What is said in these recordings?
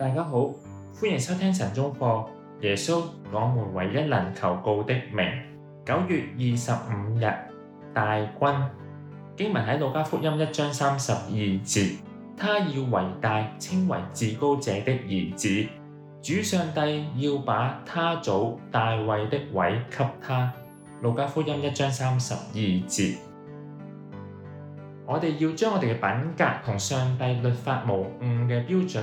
大家好，歡迎收聽晨鐘課。耶穌，我們唯一能求告的名。九月二十五日，大君。經文喺路加福音一章三十二節，他要為大，稱為至高者的兒子。主上帝要把他祖大衛的位給他。路加福音一章三十二節。我哋要將我哋嘅品格同上帝律法無誤嘅標準。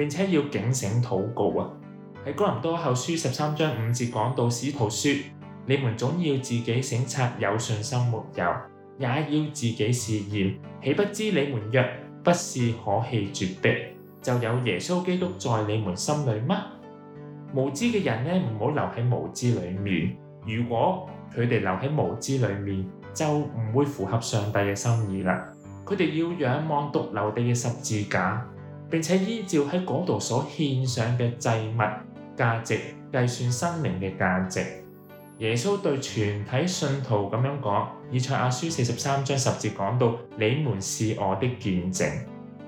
並且要警醒禱告啊！喺哥林多後書十三章五節講到，使徒說：你們總要自己省察有信心沒有，也要自己試驗。豈不知你們若不是可棄絕的，就有耶穌基督在你們心裏嗎？無知嘅人呢，唔好留喺無知裏面。如果佢哋留喺無知裏面，就唔會符合上帝嘅心意啦。佢哋要仰望髑髏地嘅十字架。並且依照喺嗰度所獻上嘅祭物價值計算生命嘅價值。耶穌對全體信徒咁樣講，以賽亞書四十三章十節講到：你們是我的見證。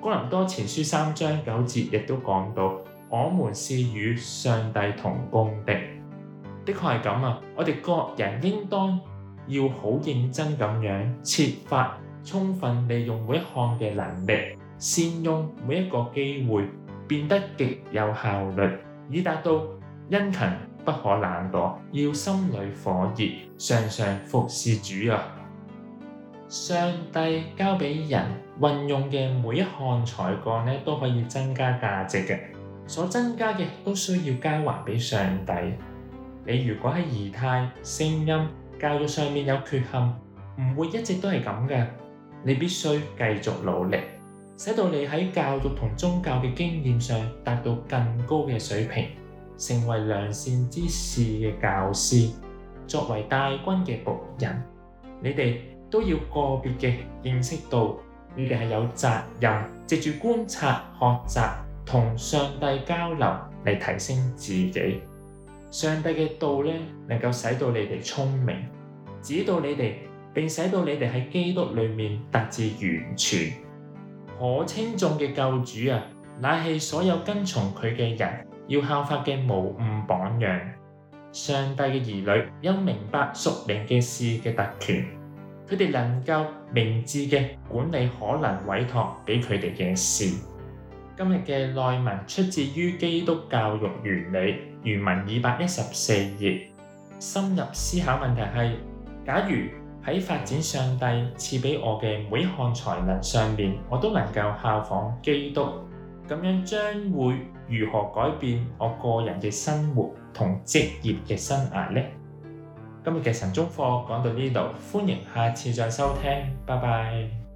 哥林多前書三章九節亦都講到：我們是與上帝同工的。的確係咁啊！我哋各人應當要好認真咁樣，設法充分利用每一項嘅能力。善用每一個機會，變得極有效率，以達到殷勤不可懶惰，要心裏火熱，常常服侍主啊！上帝交俾人運用嘅每一項才幹呢，都可以增加價值嘅，所增加嘅都需要交還俾上帝。你如果喺儀態、聲音、教育上面有缺陷，唔會一直都係咁嘅，你必須繼續努力。使到你喺教育同宗教嘅經驗上達到更高嘅水平，成為良善之士嘅教師，作為大君嘅僕人，你哋都要個別嘅認識到，你哋係有責任藉住觀察、學習同上帝交流嚟提昇自己。上帝嘅道呢，能夠使到你哋聰明，指導你哋，並使到你哋喺基督裏面達至完全。可稱重嘅救主啊，乃係所有跟從佢嘅人要效法嘅無誤榜樣。上帝嘅兒女有明白屬靈嘅事嘅特權，佢哋能夠明智嘅管理可能委託俾佢哋嘅事。今日嘅內文出自於《基督教育原理》原文二百一十四頁。深入思考問題係：假如喺發展上帝賜畀我嘅每項才能上面，我都能夠效仿基督，咁樣將會如何改變我個人嘅生活同職業嘅生涯呢？今日嘅晨更課講到呢度，歡迎下次再收聽，拜拜。